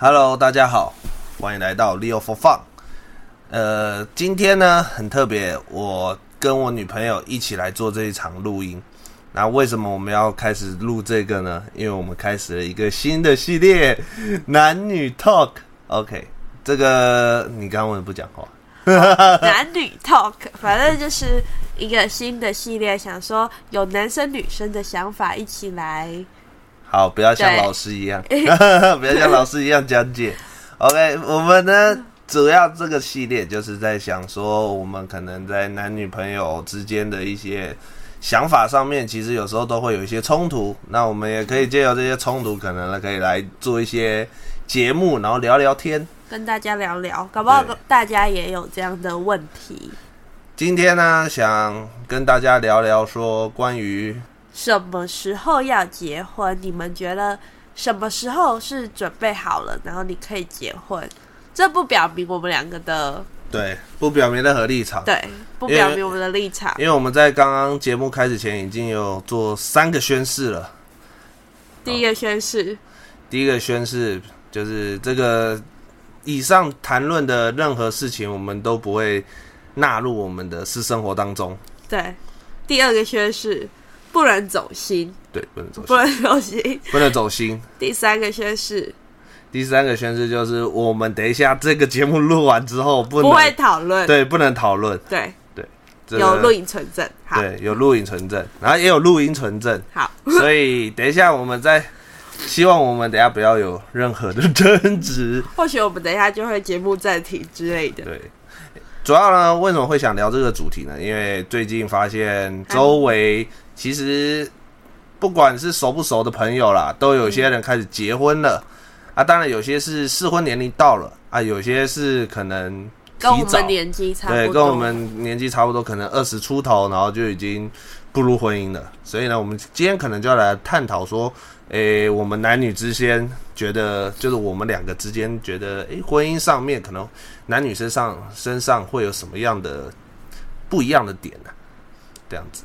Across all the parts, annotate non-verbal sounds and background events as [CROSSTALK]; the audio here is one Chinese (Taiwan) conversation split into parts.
Hello，大家好，歡迎來到 Leo for Fun。呃，今天呢很特別，我跟我女朋友一起來做這一場錄音。那為什麼我們要開始錄這個呢？因為我們開始了一個新的系列——男女 Talk。OK，這個你剛剛為什麼不講話？ [LAUGHS] 男女 Talk，反正就是一個新的系列，想說有男生女生的想法一起來。好，不要像老師一樣，對 [LAUGHS] 不要像老師一樣講解。 [LAUGHS] OK，我們呢，主要這個系列就是在想說，我們可能在男女朋友之間的一些想法上面，其實有時候都會有一些衝突。那我們也可以借由這些衝突，可能呢可以來做一些節目，然後聊聊天，跟大家聊聊，搞不好大家也有這樣的問題。今天呢，想跟大家聊聊說關於。什麼時候要結婚？你們覺得什麼時候是準備好了，然後你可以結婚？這不表明我們兩個的對，不表明任何立場。對，不表明我們的立場，因為，因為我們在剛剛節目開始前已經有做三個宣誓了，第一個宣誓、哦。第一個宣誓，第一個宣誓就是這個以上談論的任何事情，我們都不會納入我們的私生活當中。對，第二個宣誓。不能走心，對，不能走心，不能走心，不能走心。第三個宣誓，第三個宣誓就是我們等一下這個節目錄完之後不，不不會討論，對，不能討論，對，對，有錄影存證，對，有錄影存證，然後也有錄音存證，好，所以等一下我們再，希望我們等一下不要有任何的爭執，或許我們等一下就會節目暫停之類的。對，主要呢，為什麼會想聊這個主題呢？因為最近發現周圍。其實，不管是熟不熟的朋友啦，都有些人開始結婚了、嗯、啊。當然，有些是適婚年齡到了啊，有些是可能跟我們年紀差不多對，跟我們年紀差不多，欸、可能二十出頭，然後就已經步入婚姻了。所以呢，我們今天可能就要來探討說，哎、欸，我們男女之間覺得，就是我們兩個之間覺得，哎、欸，婚姻上面可能男女身上身上會有什麼樣的不一樣的點呢、啊？這樣子，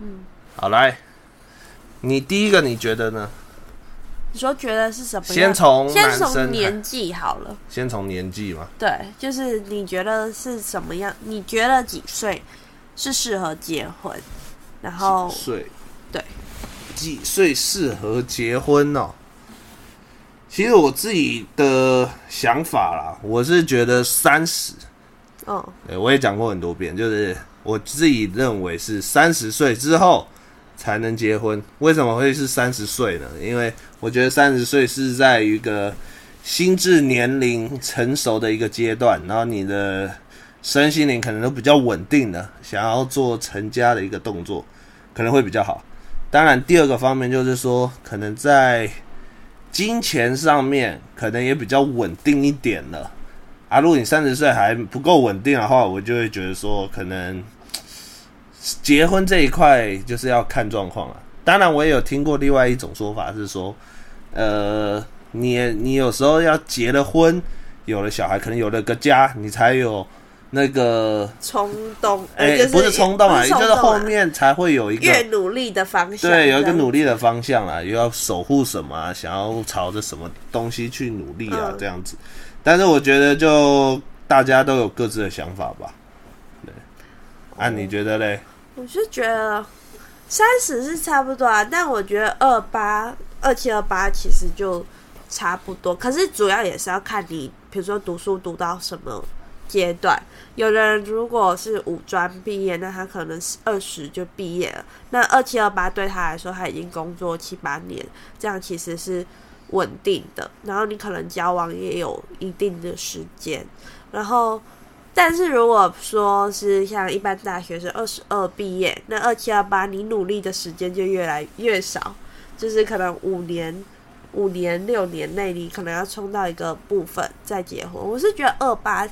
嗯。好來，你第一個你覺得呢？你說覺得是什麼樣？先從先從年紀好了，先從年紀嘛。對，就是你覺得是什麼樣？你覺得幾歲是適合結婚？然後幾歲？對，幾歲適合結婚哦。其實我自己的想法啦，我是覺得三十。哦。嗯，我也講過很多遍，就是我自己認為是三十歲之後才能結婚，為什麼會是三十歲呢？因為我覺得三十歲是在一個心智年齡成熟的一個階段，然後你的身心靈可能都比較穩定了，想要做成家的一個動作可能會比較好。當然，第二個方面就是說，可能在金錢上面可能也比較穩定一點了。啊，如果你三十歲還不夠穩定的話，我就會覺得說可能。結婚這一塊就是要看狀況了。當然，我也有聽過另外一種說法，是說，呃，你你有時候要結了婚，有了小孩，可能有了個家，你才有那個衝動，哎，不是衝動啊，也就是後面才會有一個越努力的方向，對，有一個努力的方向啦，又要守護什麼啊，想要朝着什麼東西去努力啊，這樣子。但是我覺得，就大家都有各自的想法吧。對，按你覺得嘞？我是覺得三十是差不多啊，但我覺得二八二七二八其實就差不多，可是主要也是要看你，比如說讀書讀到什麼階段。有的人如果是五專畢業，那他可能二十就畢業了，那二七二八對他來說，他已經工作七八年，這樣其實是穩定的。然後你可能交往也有一定的時間，然後。但是，如果說是像一般大學生二十二畢業，那二七二八，你努力的時間就越來越少，就是可能五年、五年、六年內，你可能要衝到一個部分再結婚。我是覺得二八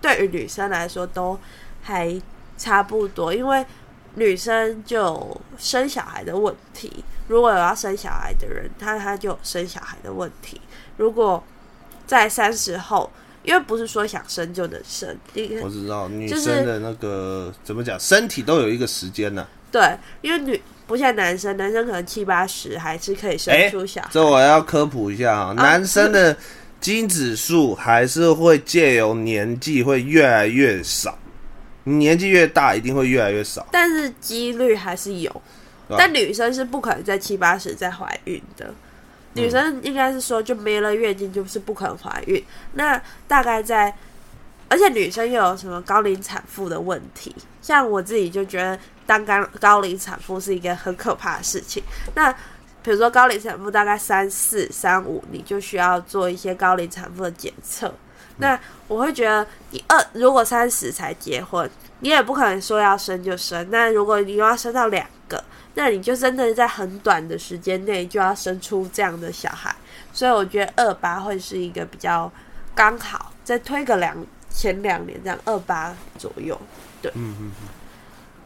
對於女生來說都還差不多，因為女生就生小孩的問題，如果有要生小孩的人，她她就生小孩的問題。如果在三十後。因為不是說想生就能生，我知道、就是，女生的那個怎麼講，身體都有一個時間呢，啊。對，因為女不像男生，男生可能七八十還是可以生出小孩，欸。這我要科普一下啊，啊男生的精子數還是會借由年紀會越來越少， [LAUGHS] 年紀越大一定會越來越少。但是幾率還是有，啊，但女生是不可能在七八十再懷孕的。女生應該是說就沒了月經，就是不可能懷孕，那大概在，而且女生又有什麼高齡產婦的問題？像我自己就覺得當高高齡產婦是一個很可怕的事情。那比如說高齡產婦大概三四三五，你就需要做一些高齡產婦的檢測。嗯、那我會覺得你，你、呃、二如果三十才結婚，你也不可能說要生就生。那如果你要生到兩。那你就真的在很短的時間內就要生出這樣的小孩，所以我覺得二八會是一個比較剛好，再推個兩前兩年這樣，二八左右。對，嗯嗯嗯，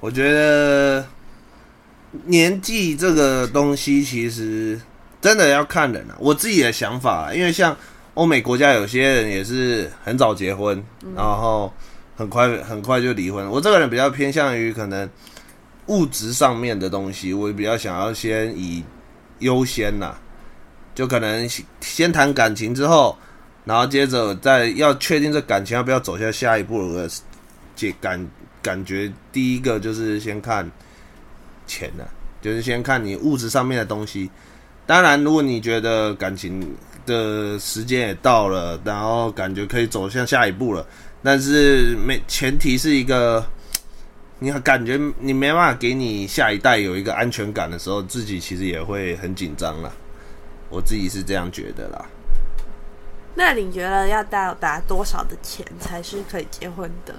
我覺得年紀這個東西其實真的要看人啊，我自己的想法啊，因為像歐美國家有些人也是很早結婚，然後很快很快就離婚。我這個人比較偏向於可能。物質上面的東西，我比較想要先以優先吶、啊，就可能先談感情之後，然後接着再要確定這感情要不要走下下一步這感感覺，第一個就是先看錢吶、啊，就是先看你物質上面的東西。當然，如果你覺得感情的時間也到了，然後感覺可以走向下一步了，但是沒前提是一個。你感覺你沒辦法給你下一代有一個安全感的時候，自己其實也會很緊張了。我自己是這樣覺得啦。那你覺得要到達多少的錢才是可以結婚的？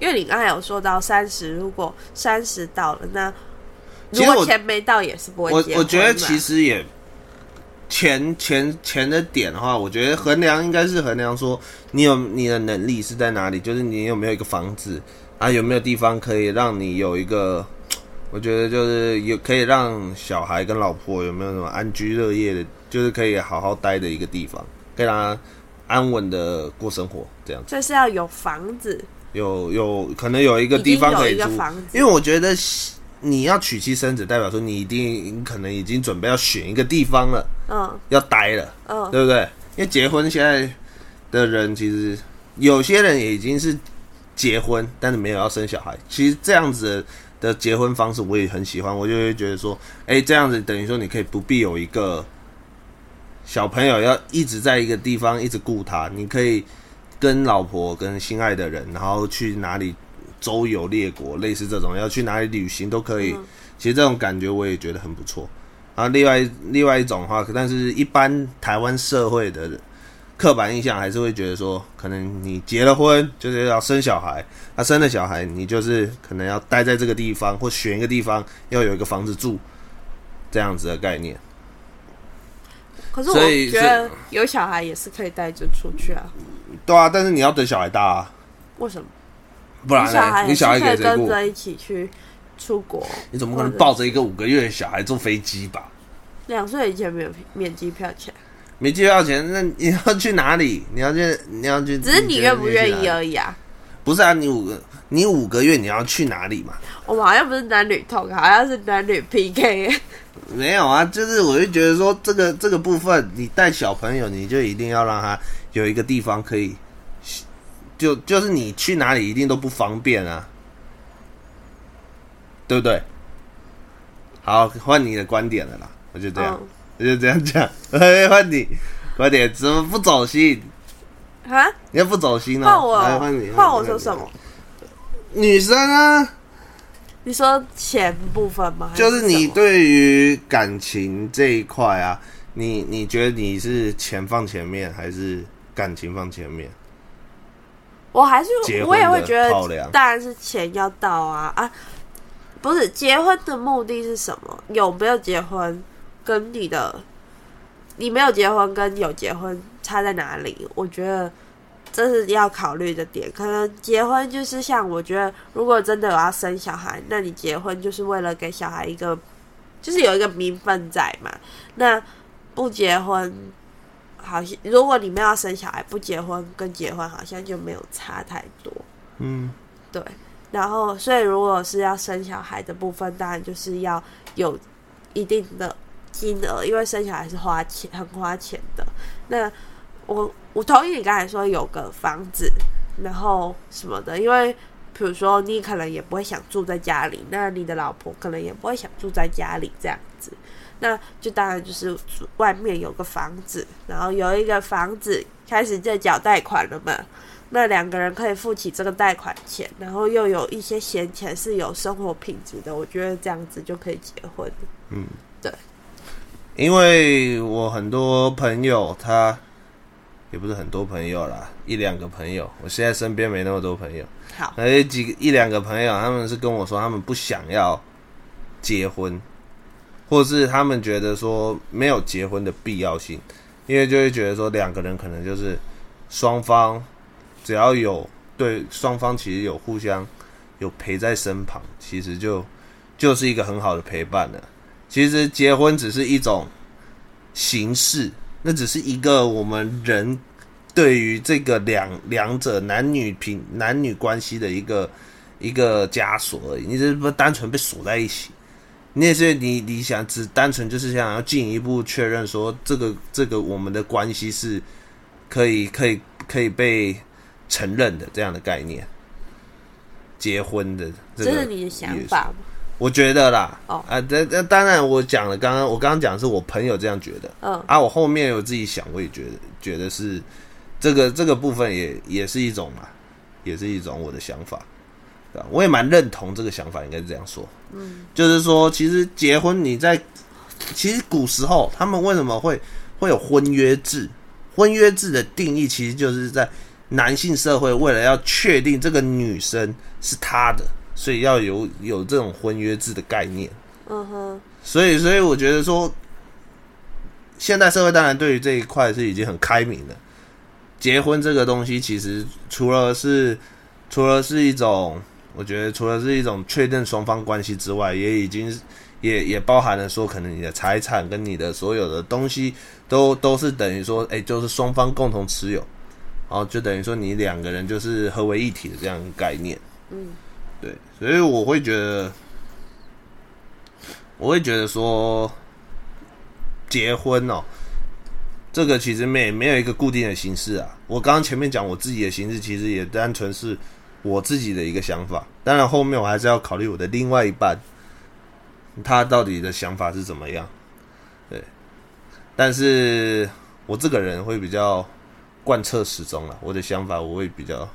因為你剛才有說到三十，如果三十到了，那如果錢沒到也是不會結婚。我我我覺得其實也錢錢錢的點的話，我覺得衡量應該是衡量說你有你的能力是在哪裡，就是你有沒有一個房子。啊，有沒有地方可以讓你有一個？我覺得就是有可以讓小孩跟老婆有沒有什麼安居樂業的，就是可以好好待的一個地方，可以讓他安穩的過生活，這樣子。就是要有房子，有有可能有一個地方可以租，一個房子。因為我覺得你要娶妻生子，代表說你一定可能已經準備要選一個地方了，嗯，要待了，嗯，對不對？因為結婚現在的人其實有些人也已經是。結婚，但是沒有要生小孩。其實這樣子的結婚方式我也很喜歡，我就會覺得說，哎、欸，這樣子等於說你可以不必有一個小朋友要一直在一個地方一直顧他，你可以跟老婆跟心愛的人，然後去哪裡周遊列國，類似這種要去哪裡旅行都可以。嗯、其實這種感覺我也覺得很不錯。然後，另外另外一種的話，但是一般台灣社會的。刻板印象還是會覺得說，可能你結了婚就是要生小孩，他、啊、生了小孩，你就是可能要待在這個地方或選一個地方，要有一個房子住，這樣子的概念。可是我覺得有小孩也是可以帶着出去啊。對啊，但是你要等小孩大啊。為什麼？不然你小孩，你小孩可以跟着一起去出國？你怎麼可能抱着一個五個月的小孩坐飛機吧？兩歲以前沒有免機票錢。沒機要錢，那你要去哪裡？你要去，你要去，只是你願不願意而已啊。不是啊，你五個，你五個月你要去哪裡嘛？我們好像不是男女 TALK，好像是男女 PK。沒有啊，就是我就覺得說，這個這個部分，你帶小朋友，你就一定要讓他有一個地方可以，就就是你去哪裡一定都不方便啊，對不對？好，換你的觀點了啦，我就這樣。哦就這樣講，換你，換你，快點，怎麼不走心？啊，你要不走心了，啊？換我，換你，換我說什麼？看看女生啊，你說錢部分嗎？還是就是你對於感情這一塊啊，你你覺得你是錢放前面，還是感情放前面？我還是，我也會覺得，當然是錢要到啊啊！不是，結婚的目的是什麼？有沒有結婚？跟你的，你沒有結婚跟有結婚差在哪裡？我覺得這是要考慮的點。可能結婚就是像我覺得，如果真的有要生小孩，那你結婚就是為了給小孩一個，就是有一個名分在嘛。那不結婚，好像如果你沒有要生小孩，不結婚跟結婚好像就沒有差太多。嗯，對。然後，所以如果是要生小孩的部分，當然就是要有一定的。金額，因為生小孩是花錢，很花錢的。那我我同意你剛才說有個房子，然後什麼的，因為比如說你可能也不會想住在家裡，那你的老婆可能也不會想住在家裡，這樣子，那就當然就是外面有個房子，然後有一個房子開始在繳貸款了嘛。那兩個人可以付起這個貸款錢，然後又有一些閒錢是有生活品質的，我覺得這樣子就可以結婚。嗯。因為我很多朋友他，他也不是很多朋友啦，一兩個朋友。我現在身邊沒那麼多朋友，好，而幾個，一兩個朋友，他們是跟我說他們不想要結婚，或是他們覺得說沒有結婚的必要性，因為就會覺得說兩個人可能就是雙方只要有，對，雙方其實有互相，有陪在身旁，其實就就是一個很好的陪伴了。其實結婚只是一種形式，那只是一個我們人對於這個兩兩者男女平男女關係的一個一個枷鎖而已。你這不是單純被鎖在一起，你也是你你想只單純就是想要進一步確認說，這個這個我們的關係是可以可以可以被承認的這樣的概念，結婚的，這個，這是你的想法嗎？我覺得啦，oh. 啊，這這當然，我講了，剛剛我剛剛講的是我朋友這樣覺得，嗯，oh. 啊，我後面有自己想，我也覺得覺得是這個這個部分也也是一種嘛，也是一種我的想法，對吧？我也蠻認同這個想法，應該是這樣說，嗯，就是說其實結婚你在其實古時候他們為什麼會會有婚約制？婚約制的定義其實就是在男性社會為了要確定這個女生是他的。所以要有有這種婚約制的概念，嗯哼。所以，所以我覺得說，現代社會當然對於這一塊是已經很開明的。結婚這個東西，其實除了是除了是一種，我覺得除了是一種確認雙方關係之外，也已經也也包含了說，可能你的財產跟你的所有的東西都，都都是等於說，誒、欸，就是雙方共同持有，然後就等於說你兩個人就是合為一體的這樣概念，嗯。對，所以我會覺得，我會覺得說，結婚哦，這個其實沒沒有一個固定的形式啊。我剛剛前面講我自己的形式，其實也單純是我自己的一個想法。當然，後面我還是要考慮我的另外一半，他到底的想法是怎麼樣。對，但是我這個人會比較貫徹始終了啊，我的想法我會比較。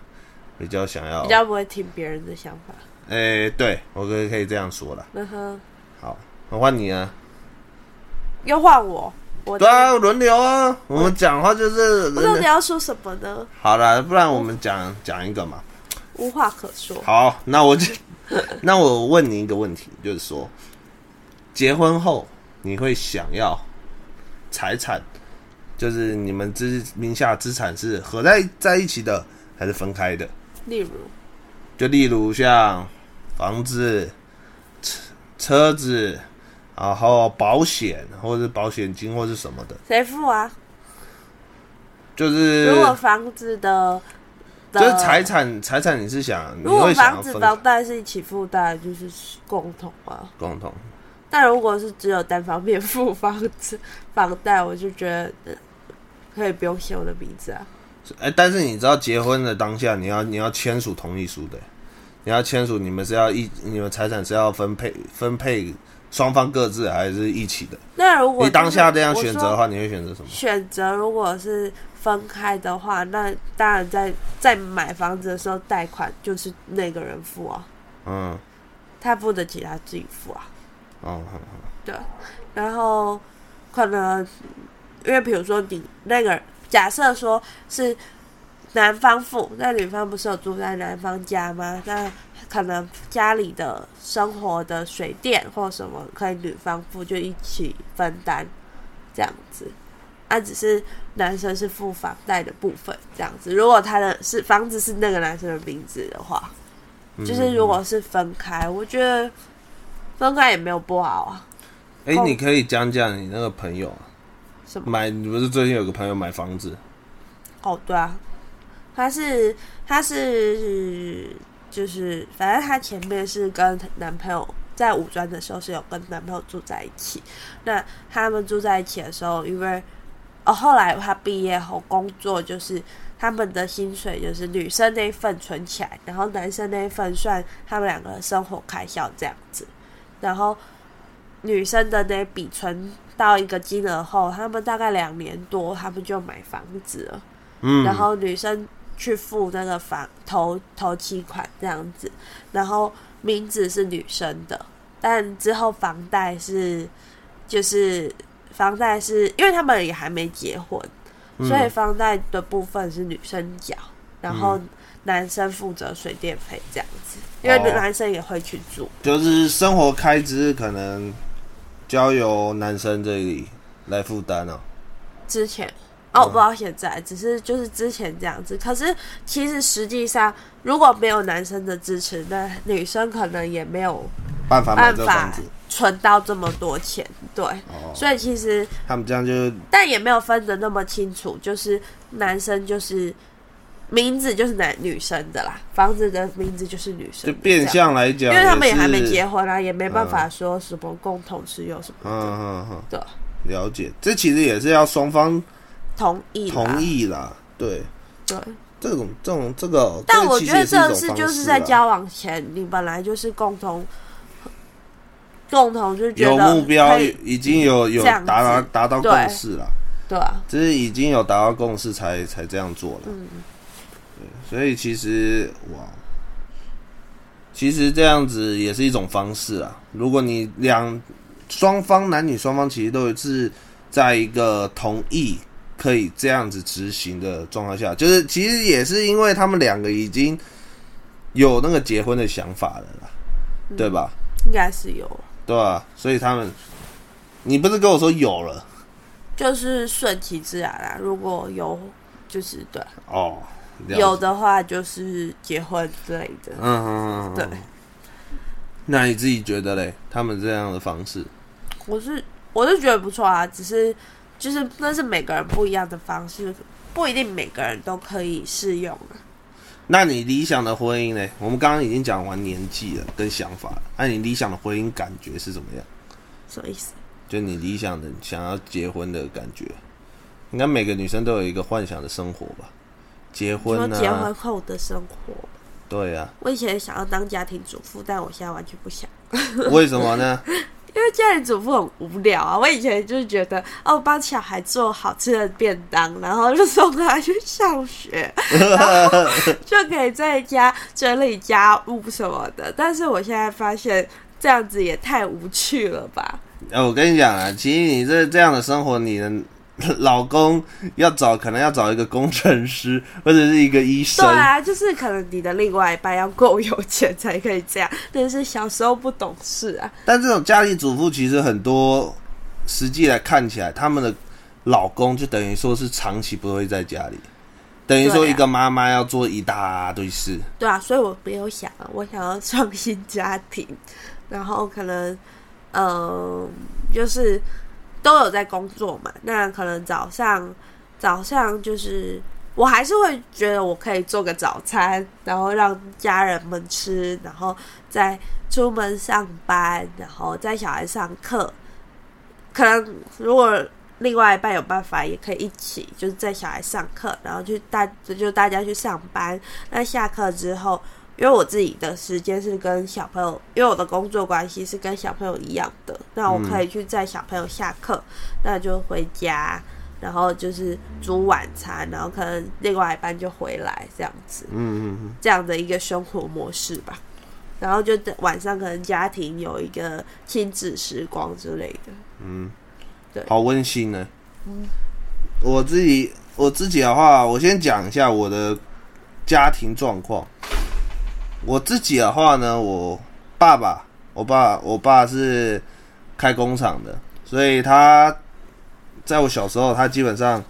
比較想要，比較不會聽別人的想法。哎、欸，對我可以可以這樣說啦。嗯哼，好，我換你啊，又換我，我對啊，輪流啊。欸、我們講話就是輪流，不知道你要說什麼呢？好啦，不然我們講講我一個嘛。無話可說。好，那我就那我問你一個問題， [LAUGHS] 就是說，結婚後你會想要財產，就是你們資名下資產是合在在一起的，還是分開的？例如，就例如像房子、車、車子，然後保險或者保險金或是什麼的，誰付啊？就是如果房子的，就是財產財產，的財產，你是想如果想房子、房貸是一起付貸，就是共同嗎、啊？共同。但如果是只有單方面付房子、房貸，我就覺得可以不用寫我的名字啊。哎、欸，但是你知道結婚的當下你，你要你要簽署同意書的、欸，你要簽署你們是要一你們財產是要分配分配雙方各自還是一起的？那如果、就是、你當下這樣選擇的話，說你會選擇什麼？選擇如果是分開的話，那當然在在買房子的時候貸款就是那個人付啊，嗯，他付得起，他自己付啊。哦，好好好。嗯、對，然後可能因為比如說你那個人。假設說是男方付，那女方不是有住在男方家嗎？那可能家裡的生活的水電或什麼可以女方付，就一起分擔這樣子。那、啊、只是男生是付房貸的部分，這樣子。如果他的是房子是那個男生的名字的話，嗯、就是如果是分開，我覺得分開也沒有不好啊。哎、欸，後你可以講講你那個朋友。買，你不是最近有個朋友買房子？哦，對啊，她是，她是，是，就是，反正她前面是跟男朋友在五專的時候是有跟男朋友住在一起。那他們住在一起的時候，因為哦，後來他畢業後工作，就是他們的薪水就是女生那一份存起來，然後男生那一份算他們兩個生活開銷這樣子。然後女生的那筆存到一個金額後，他們大概兩年多，他們就買房子了。嗯，然後女生去付那個房頭頭期款這樣子，然後名字是女生的，但之後房貸是就是房貸是因為他們也還沒結婚，嗯，所以房貸的部分是女生繳，然後男生負責水電費這樣子，哦，因為男生也會去住，就是生活開支可能。交由男生這裡來負擔哦，之前哦，我不知道現在，嗯、只是就是之前這樣子。可是其實實際上，如果沒有男生的支持，那女生可能也沒有辦法辦法存到這麼多錢。對，哦、所以其實他們這樣就是，但也沒有分得那麼清楚，就是男生就是。名字就是男女生的啦，房子的名字就是女生。就變相來講，因為他們也還沒結婚啊，也沒辦法說什麼共同持有什麼。嗯嗯，對，了解，這其實也是要雙方同意同意啦。對對，這種這種這個，但我覺得這次就是在交往前，你本來就是共同共同就是覺得有目標已經有有達到達到共識了，對，就是已經有達到共識才才這樣做了。嗯。對，所以其實哇，其實這樣子也是一種方式啊。如果你兩雙方男女雙方其實都是在一個同意可以這樣子執行的狀況下，就是其實也是因為他們兩個已經有那個結婚的想法了啦，嗯、對吧？應該是有，對吧、啊？所以他們，你不是跟我說有了，就是順其自然啦、啊。如果有，就是對哦。有的話就是結婚之類的，嗯,嗯,嗯,嗯，對。那你自己覺得嘞？他們這樣的方式，我是我是覺得不錯啊，只是就是那是每個人不一樣的方式，不一定每個人都可以適用。那你理想的婚姻嘞？我們剛剛已經講完年紀了，跟想法。那、啊、你理想的婚姻感覺是怎麼樣？什麼意思？就你理想的想要結婚的感覺？應該每個女生都有一個幻想的生活吧？結婚啊、說結婚後的生活，對呀，啊。我以前想要當家庭主婦，但我現在完全不想。 [LAUGHS] 為什麼呢？因為家庭主婦很無聊啊！我以前就是覺得，哦，幫小孩做好吃的便當，然後就送他去上學， [LAUGHS] 就可以在家整理 [LAUGHS] 家務什麼的。但是我現在發現這樣子也太無趣了吧？哎，呃，我跟你講啊，其實你這這樣的生活，你能。老公要找，可能要找一個工程師或者是一個醫生。對啊，就是可能你的另外一半要夠有錢才可以這樣。但是小時候不懂事啊。但這種家庭主婦其實很多，實際來看起來，他們的老公就等於說是長期不會在家裡，等於說一個媽媽要做一大堆事。對啊。對啊，所以我沒有想，我想要創新家庭，然後可能，嗯、呃，就是。都有在工作嘛，那可能早上，早上就是我還是會覺得我可以做個早餐，然後讓家人們吃，然後再出門上班，然後在小孩上課。可能如果另外一半有辦法，也可以一起，就是在小孩上課，然後去大，就大家去上班。那下課之後。因為我自己的時間是跟小朋友，因為我的工作關係是跟小朋友一樣的，那我可以去載小朋友下課，嗯、那就回家，然後就是煮晚餐，然後可能另外一半就回來這樣子，嗯嗯嗯，嗯嗯這樣的一個生活模式吧。然後就晚上可能家庭有一個親子時光之類的，嗯，對，好溫馨呢。嗯，我自己我自己的話，我先講一下我的家庭狀況。我自己的話呢，我爸爸，我爸，我爸是開工廠的，所以他在我小時候，他基本上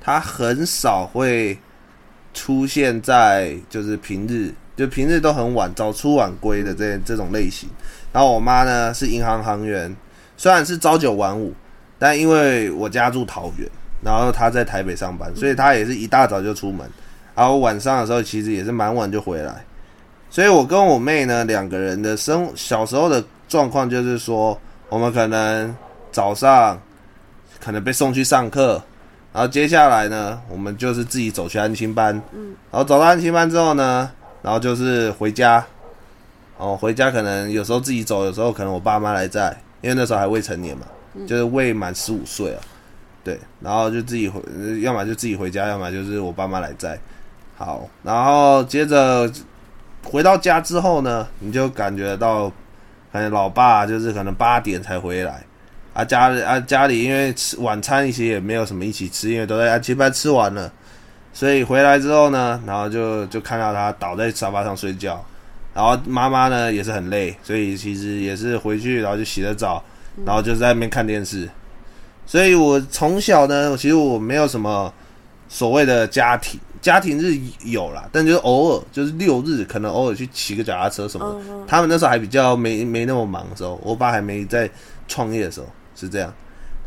他很少會出現在就是平日，就平日都很晚，早出晚歸的這這種類型。然後我媽呢是銀行行員，雖然是朝九晚五，但因為我家住桃園，然後她在台北上班，所以她也是一大早就出門，然後晚上的時候其實也是蠻晚就回來。所以，我跟我妹呢，兩個人的生小時候的狀況就是說，我們可能早上可能被送去上課，然後接下來呢，我們就是自己走去安心班安親班。嗯。然後走到安親班之後呢，然後就是回家，哦、喔，回家可能有時候自己走，有時候可能我爸媽來載，因為那時候還未成年嘛，就是未滿十五歲啊。對。然後就自己回，要麼就自己回家，要麼就是我爸媽來載。好，然後接着。回到家之後呢，你就感覺到，哎，老爸就是可能八點才回來，啊家，家裡啊家裡因為吃晚餐一些也沒有什麼一起吃，因為都在啊加班吃完了，所以回來之後呢，然後就就看到他倒在沙發上睡覺，然後媽媽呢也是很累，所以其實也是回去然後就洗了澡，然後就在那邊看電視，所以我從小呢，其實我沒有什麼所謂的家庭。家庭日有啦，但就是偶爾就是六日，可能偶爾去騎個腳踏車什麼的。Uh huh. 他們那時候還比較沒沒那麼忙的時候，我爸還沒在創業的時候是這樣。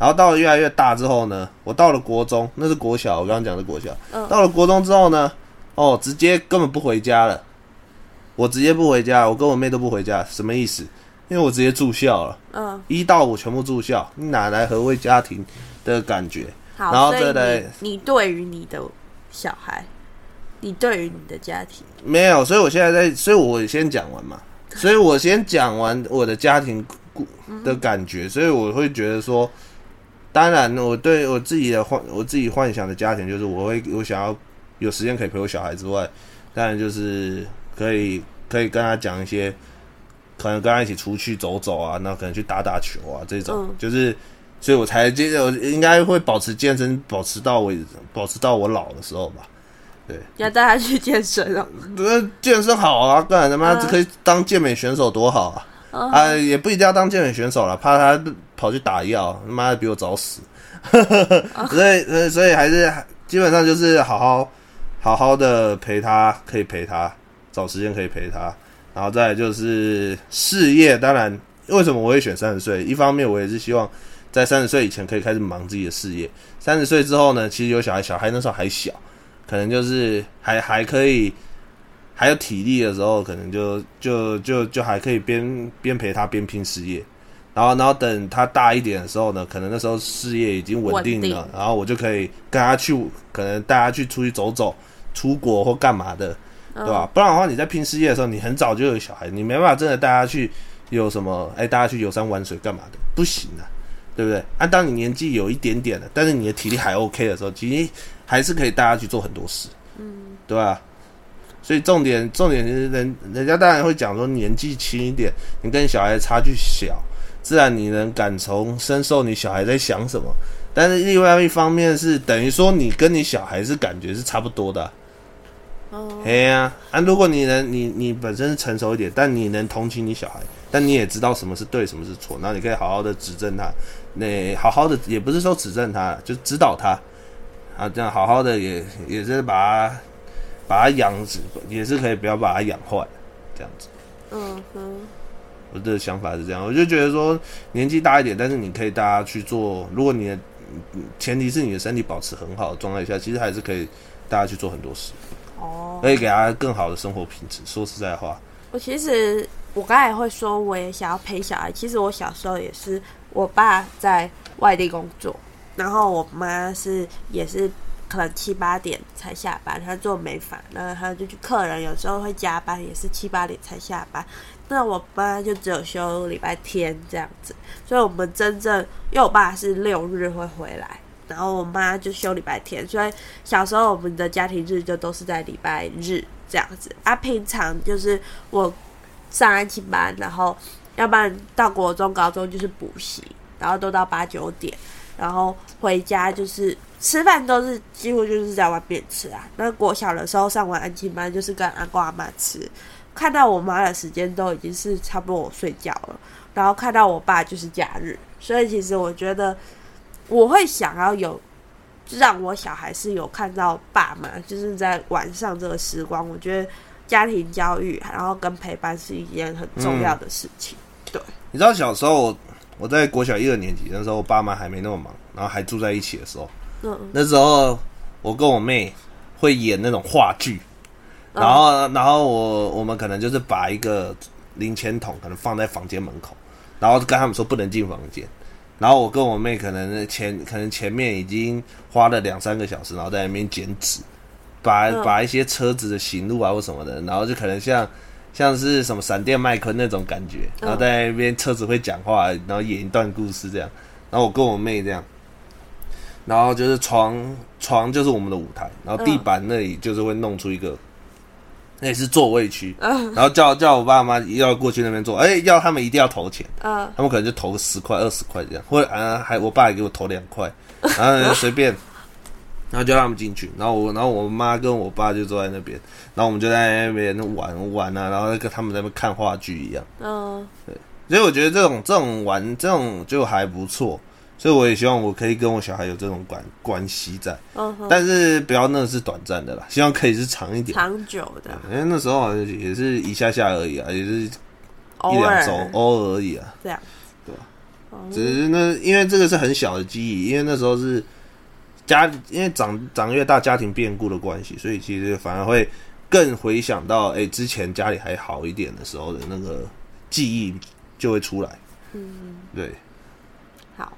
然後到了越來越大之後呢，我到了國中，那是國小，我剛剛講的國小。Uh huh. 到了國中之後呢，哦，直接根本不回家了，我直接不回家，我跟我妹都不回家，什麼意思？因為我直接住校了，嗯、Uh huh. 一到五全部住校，你哪來何為家庭的感覺？好，然後再來，你，你對於你的。小孩，你對於你的家庭沒有，所以我現在在，所以我先講完嘛， [LAUGHS] 所以我先講完我的家庭的感覺，所以我會覺得說，當然我對我自己的幻，我自己幻想的家庭就是我會我想要有時間可以陪我小孩之外，當然就是可以可以跟他講一些，可能跟他一起出去走走啊，那可能去打打球啊這種，嗯，就是。所以，我才接，我應該會保持健身，保持到我保持到我老的時候吧。對，要帶他去健身了、喔。呃，健身好啊，不然他媽只可以當健美選手多好啊！呃、啊，也不一定要當健美選手了，怕他跑去打藥，他媽的比我早死。 [LAUGHS] 所以，所以還是基本上就是好好好好的陪他，可以陪他，找時間可以陪他。然後再來就是事業，當然，為什麼我會選三十歲？一方面，我也是希望。在三十歲以前可以開始忙自己的事業。三十歲之後呢，其實有小孩，小孩那時候還小，可能就是還還可以，還有體力的時候，可能就就就就還可以邊邊陪他邊拼事業。然後然後等他大一點的時候呢，可能那時候事業已經穩定了，定然後我就可以跟他去，可能帶他去出去走走，出國或幹嘛的，哦、對吧？不然的話，你在拼事業的時候，你很早就有小孩，你沒辦法真的帶他去有什麼，哎、欸，帶他去遊山玩水幹嘛的，不行啊。對不對？啊，當你年紀有一點點的，但是你的體力還 OK 的時候，其實還是可以帶他去做很多事，嗯，對吧？所以重點重點是人人家當然會講說年紀輕一點，你跟你小孩差距小，自然你能感同身受你小孩在想什麼。但是另外一方面是，是等於說你跟你小孩是感覺是差不多的，哦，嘿呀、啊。啊，如果你能你你本身是成熟一點，但你能同情你小孩，但你也知道什麼是對，什麼是錯，那你可以好好的指正他。那好好的也不是說指正他，就指導他，啊，這樣好好的也也是把他把他養，也是可以不要把他養壞，這樣子。嗯哼，我的想法是這樣，我就覺得說年紀大一點，但是你可以大家去做，如果你的前提是你的身體保持很好的狀態下，其實還是可以大家去做很多事。哦，可以給他更好的生活品質。說實在話，我其實我剛才也會說，我也想要陪小孩。其實我小時候也是。我爸在外地工作，然後我媽是也是可能七八點才下班，她做美髮，然後她就去客人有時候會加班，也是七八點才下班。那我媽就只有休禮拜天這樣子，所以我們真正因為我爸是六日會回來，然後我媽就休禮拜天，所以小時候我們的家庭日就都是在禮拜日這樣子。啊，平常就是我上安親班，然後。要不然到國中、高中就是補習，然後都到八九點，然後回家就是吃飯，都是幾乎就是在外面吃啊。那國小的時候上完安親班就是跟阿公阿嬤吃，看到我媽的時間都已經是差不多我睡覺了，然後看到我爸就是假日，所以其實我覺得我會想要有讓我小孩是有看到爸媽，就是在晚上這個時光，我覺得。家庭教育，然後跟陪伴是一件很重要的事情。嗯、對，你知道小時候我，我在國小一二年級的時候，我爸媽還沒那麼忙，然後還住在一起的時候，嗯，那時候我跟我妹會演那種話劇，然後、嗯、然後我我們可能就是把一個零錢桶可能放在房間門口，然後跟他們說不能進房間，然後我跟我妹可能前可能前面已經花了兩三個小時，然後在那邊剪紙。把把一些車子的行路啊或什麼的，然後就可能像像是什麼閃電麥昆那種感覺，然後在那邊車子會講話，然後演一段故事這樣。然後我跟我妹這樣，然後就是床床就是我們的舞台，然後地板那裡就是會弄出一個，那也是座位區。然後叫叫我爸媽要過去那邊坐，哎、欸，要他們一定要投錢，他們可能就投十塊二十塊這樣，或者啊還我爸也給我投兩塊，然後隨便。 [LAUGHS] 然後叫他們進去，然後我，然後我媽跟我爸就坐在那邊，然後我們就在那邊玩玩啊，然後跟他們在那邊看話劇一樣。嗯，對。所以我覺得這種這種玩這種就還不錯，所以我也希望我可以跟我小孩有這種關關係在。嗯哼，但是不要那是短暫的啦，希望可以是長一點、長久的。因為那時候也是一下下而已啊，也是一兩週偶、爾偶爾而已啊。這樣。對、嗯、只是那因為這個是很小的記憶，因為那時候是。家因為長長越大家庭變故的關係，所以其實反而會更回想到，欸，之前家裡還好一點的時候的那個記憶就會出來。嗯，對，好，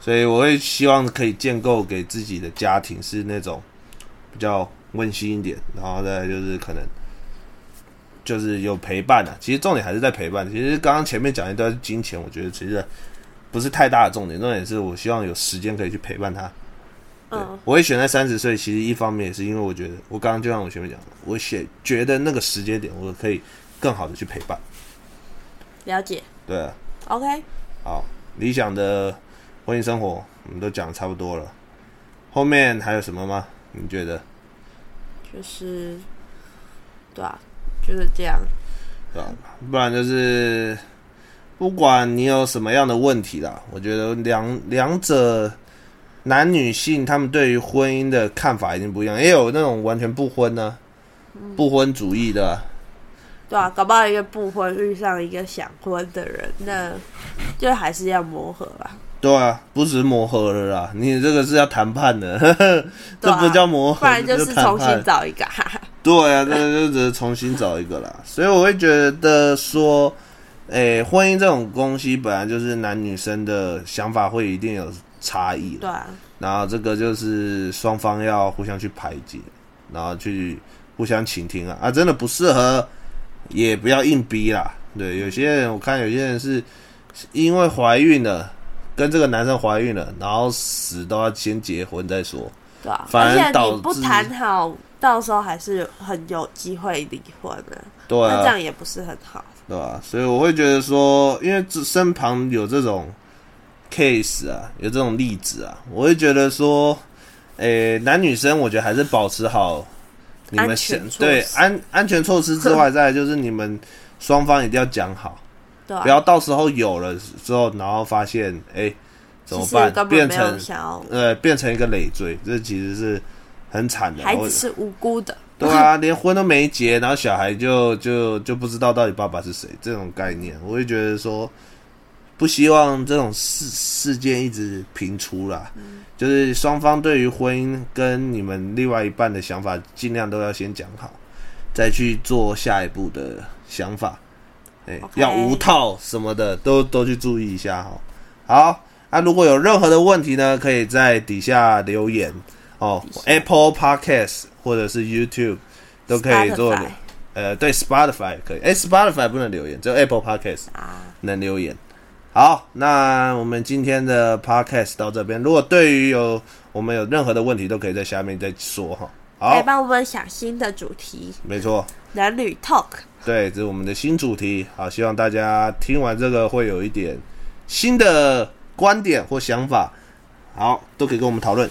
所以我會希望可以建構給自己的家庭是那種比較溫馨一點，然後再來就是可能就是有陪伴的啊。其實重點還是在陪伴。其實剛剛前面講的都是金錢，我覺得其實不是太大的重點。重點是我希望有時間可以去陪伴他。嗯，我會選在三十歲，其實一方面也是因為我覺得，我剛剛就像我前面講的，我寫覺得那個時間點我可以更好的去陪伴。了解。對了。OK。好，理想的婚姻生活，我們都講差不多了，後面還有什麼嗎？你覺得？就是，對啊，就是這樣。對啊，不然就是，不管你有什麼樣的問題啦，我覺得兩兩者。男女性他們對於婚姻的看法已經不一樣，也、欸、有那種完全不婚呢、啊，不婚主義的、啊嗯，對啊，搞不好一個不婚遇上一個想婚的人，那就還是要磨合吧、啊、對啊，不止磨合了啦，你這個是要談判的， [LAUGHS] 啊、這不叫磨合，不然就是重新找一個、啊。 [LAUGHS] 對啊，這個就只是重新找一個啦。所以我會覺得說，誒、欸，婚姻這種東西本來就是男女生的想法會一定有差異了，對啊，然後這個就是雙方要互相去排解，然後去互相傾聽啊啊，真的不適合，也不要硬逼啦，對，有些人我看有些人是因為懷孕了，跟這個男生懷孕了，然後死都要先結婚再說，對啊，反正導致而且你不談好，到時候還是很有機會離婚的，對、啊，那這樣也不是很好，對吧、啊？所以我會覺得說，因為這身旁有這種。case 啊，有這種例子啊，我會覺得說，誒、欸，男女生我覺得還是保持好你們先對安安全措施之外， [LAUGHS] 再來就是你們雙方一定要講好，啊、不要到時候有了之後，然後發現誒、欸、怎麼辦？變成呃變成一個累贅，這其實是很慘的。孩子是無辜的， [LAUGHS] 對啊，連婚都沒結，然後小孩就就就不知道到底爸爸是誰，這種概念，我會覺得說。不希望這種事事件一直頻出啦，嗯、就是雙方對於婚姻跟你們另外一半的想法，盡量都要先講好，再去做下一步的想法。哎、欸，Okay 要無套什麼的都都去注意一下哈。好，那、啊、如果有任何的問題呢，可以在底下留言哦下，Apple Podcasts 或者是 YouTube 都可以做的。Spotify 呃，對，Spotify 也可以。哎、欸、，Spotify 不能留言，只有 Apple Podcasts 啊，能留言。啊好，那我們今天的 podcast 到這邊。如果對於有我們有任何的問題，都可以在下面再說哈。好，來幫我們想新的主題。沒錯，男女 talk。對，這是我們的新主題。好，希望大家聽完這個會有一點新的觀點或想法。好，都可以跟我們討論。